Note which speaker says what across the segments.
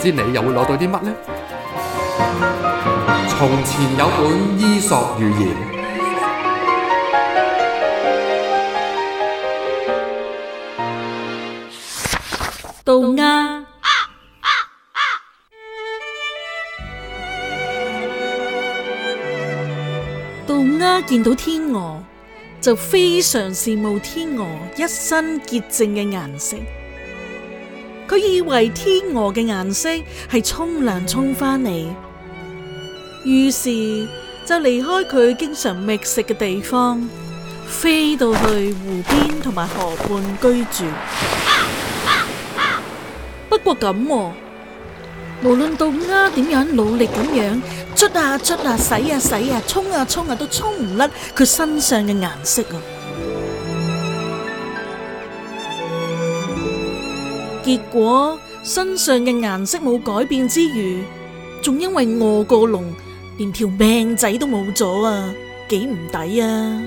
Speaker 1: 知你又會攞到啲乜呢？從前有本伊索寓言，
Speaker 2: 渡鴉。渡鴉見到天鵝，就非常羨慕天鵝一身潔淨嘅顏色。佢以為天鵝嘅顏色係沖涼沖翻嚟，於是就離開佢經常覓食嘅地方，飛到去湖邊同埋河畔居住。不過咁，無論渡鴉點樣努力咁樣捽啊捽啊、洗啊洗啊、沖啊沖啊，都沖唔甩佢身上嘅顏色啊！結果身上嘅顏色冇改變之餘，仲因為餓過龍，連條命仔都冇咗啊！幾唔抵啊！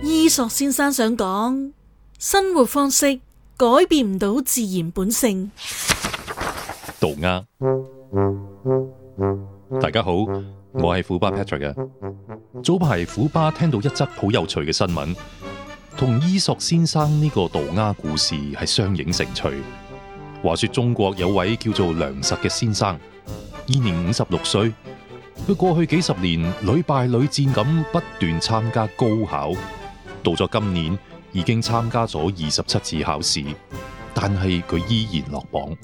Speaker 2: 伊索先生想講，生活方式改變唔到自然本性。
Speaker 1: 渡鴉，大家好。我係虎爸 Patrick 嘅啊。早排虎爸聽到一則好有趣嘅新聞，同伊索先生呢個渡鴉故事係相映成趣。話說中國有位叫做梁實嘅先生，現年五十六歲。佢過去幾十年屢敗屢戰咁不斷參加高考，到咗今年已經參加咗二十七次考試，但係佢依然落榜。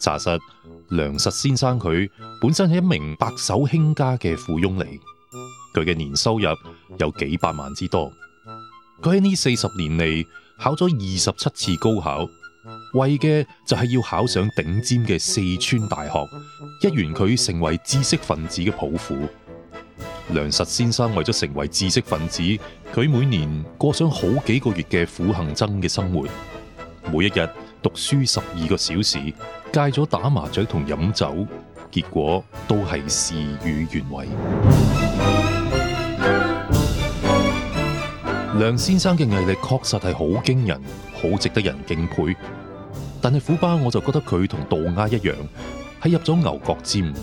Speaker 1: 查實梁實先生佢本身係一名白手興家嘅富翁嚟，佢嘅年收入有幾百萬之多。佢喺呢四十年嚟考咗二十七次高考，為嘅就係要考上頂尖嘅四川大學，一圓佢成為知識分子嘅抱負。梁實先生為咗成為知識分子，佢每年過上好幾個月嘅苦行僧嘅生活，每一日。讀書十二個小時，戒咗打麻雀同飲酒，結果都係事與願違。梁先生嘅毅力確實係好驚人，好值得人敬佩。但係虎巴我就覺得佢同渡鴉一樣，係入咗牛角尖。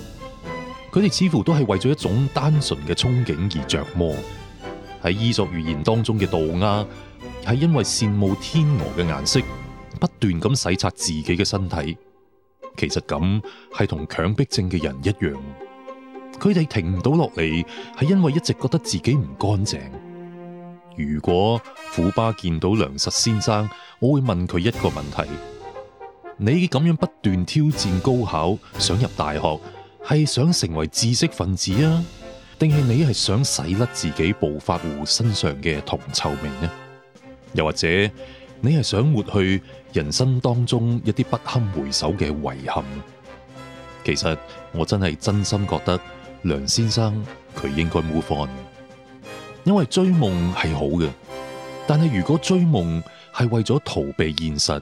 Speaker 1: 佢哋似乎都係為咗一種單純嘅憧憬而着魔。喺伊索寓言當中嘅渡鴉，係因為羨慕天鵝嘅顏色。不斷咁洗刷自己嘅身體，其實咁係同強迫症嘅人一樣，佢哋停唔到落嚟係因為一直覺得自己唔乾淨。如果虎巴見到梁實先生，我會問佢一個問題：你咁樣不斷挑戰高考，想入大學，係想成為知識分子啊，定係你係想洗甩自己暴發戶身上嘅銅臭味呢？又或者你係想抹去人生當中一啲不堪回首嘅遺憾，其實我真係真心覺得梁先生佢應該 move on，因為追夢係好嘅，但係如果追夢係為咗逃避現實，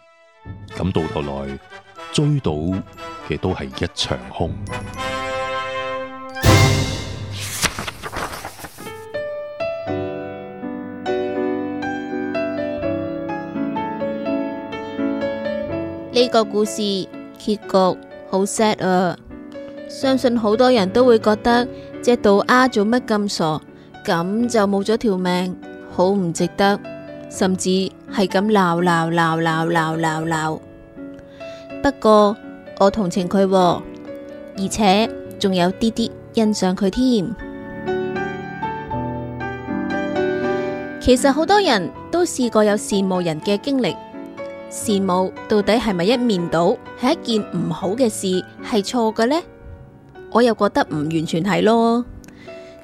Speaker 1: 咁到頭來追到嘅都係一場空。
Speaker 3: 呢個故事結局好 sad 啊！相信好多人都會覺得，隻渡鴉做乜咁傻，咁就冇咗條命，好唔值得，甚至係咁鬧鬧鬧鬧鬧鬧鬧。不過我同情佢啊，而且仲有啲啲欣賞佢添。其實好多人都試過有羨慕人嘅經歷。羨慕到底係咪一面倒，係一件唔好嘅事，係錯嘅呢？我又覺得唔完全係咯。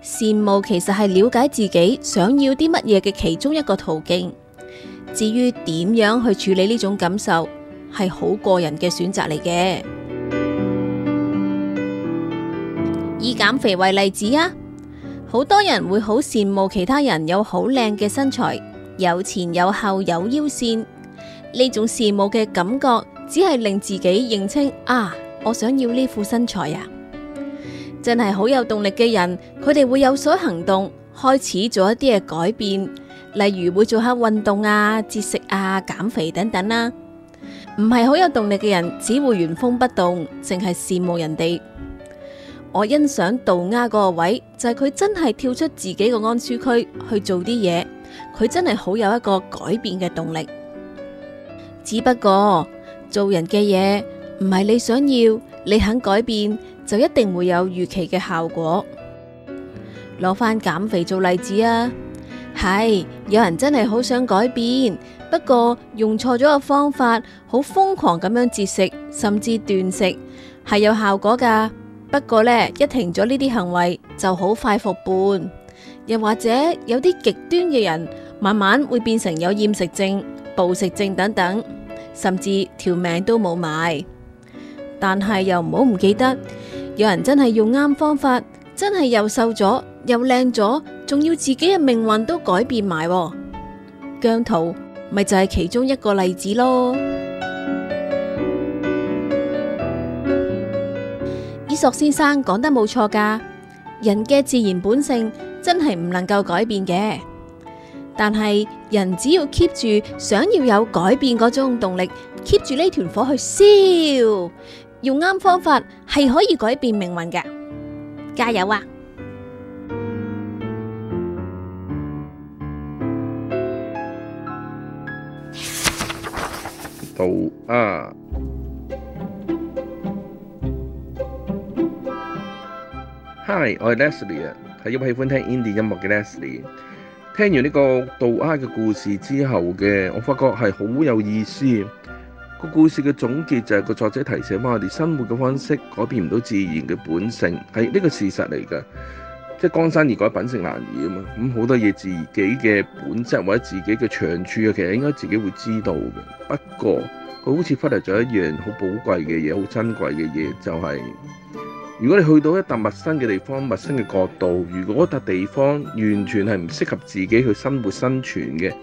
Speaker 3: 羨慕其實係了解自己想要啲乜嘢嘅其中一個途徑。至於點樣去處理呢種感受，係好個人嘅選擇嚟嘅。以減肥為例子啊，好多人會好羨慕其他人有好靚嘅身材，有前有後有腰線。呢種羨慕嘅感覺，只係令自己認清啊，我想要呢副身材啊，真係好有動力嘅人，佢哋會有所行動，開始做一啲嘅改變，例如會做下運動啊、節食啊、減肥等等啦、啊。唔係好有動力嘅人，只會原封不動，淨係羨慕人哋。我欣賞渡鴉個位，就係、是、佢真係跳出自己個安舒區去做啲嘢，佢真係好有一個改變嘅動力。只不過做人嘅嘢唔係你想要，你肯改變就一定會有預期嘅效果。攞返減肥做例子啊，係有人真係好想改變，不過用錯咗個方法，好瘋狂咁樣節食，甚至斷食，係有效果噶。不過呢，一停咗呢啲行為，就好快復半，又或者有啲極端嘅人，慢慢會變成有厭食症、暴食症等等。甚至條命都冇埋，但係又唔好唔記得，有人真係用啱方法，真係又瘦咗，又靚咗，仲要自己嘅命運都改變埋。姜濤咪就係、是、其中一個例子咯。 伊索先生講得冇錯噶，人嘅自然本性真係唔能夠改變嘅。但係人只要 keep 住想要有改變嗰種動力，keep 住呢團火去燒，用啱方法係可以改變命運嘅，加油啊！
Speaker 4: 杜啊，Hi，我係 Leslie 啊，係一位喜歡聽 Indie 音樂嘅 Leslie。聽完呢個渡鴉嘅故事之後嘅，我發覺係好有意思。個故事嘅總結就係、是、個作者提醒翻我哋，生活嘅方式改變唔到自然嘅本性，係呢個事實嚟噶。即係江山易改，品性難移啊嘛。咁好多嘢自己嘅本質或者自己嘅長處啊，其實應該自己會知道嘅。不過，佢好似忽略咗一樣好寶貴嘅嘢，好珍貴嘅嘢，就係、是。如果你去到一笪陌生嘅地方、陌生嘅角度，如果嗰笪地方完全係唔適合自己去生活生存嘅，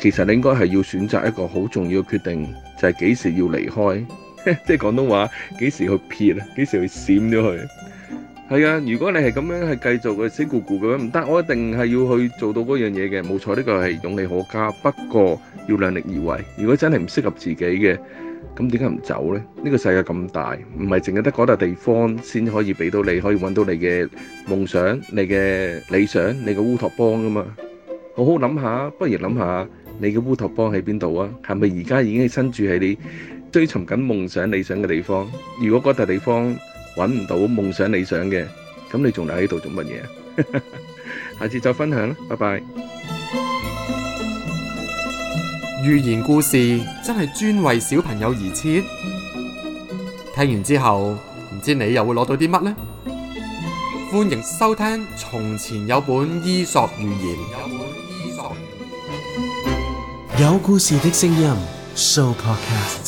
Speaker 4: 其實你應該係要選擇一個好重要嘅決定，就係幾時要離開，即係廣東話幾時去撇啊，幾時去閃咗去。係啊，如果你係咁樣係繼續嘅死咕咕咁樣，唔得，我一定係要去做到嗰樣嘢嘅。冇錯，呢個係勇氣可嘉，不過要量力而為。如果真係唔適合自己嘅，咁點解唔走呢？呢個世界咁大，唔係淨係得嗰笪地方先可以俾到你，可以揾到你嘅夢想、你嘅理想、你嘅烏托邦啊嘛！好好諗下，不如諗下你嘅烏托邦喺邊度啊？係咪而家已經身處喺你追尋緊夢想、理想嘅地方？如果嗰笪地方揾唔到夢想、理想嘅，咁你仲留喺度做乜嘢？
Speaker 1: 下次再分享啦，拜拜。寓言故事真係專為小朋友而設，聽完之後唔知你又會攞到啲乜呢？歡迎收聽《從前有本伊索寓言》，有故事的聲音 Sooo podcast。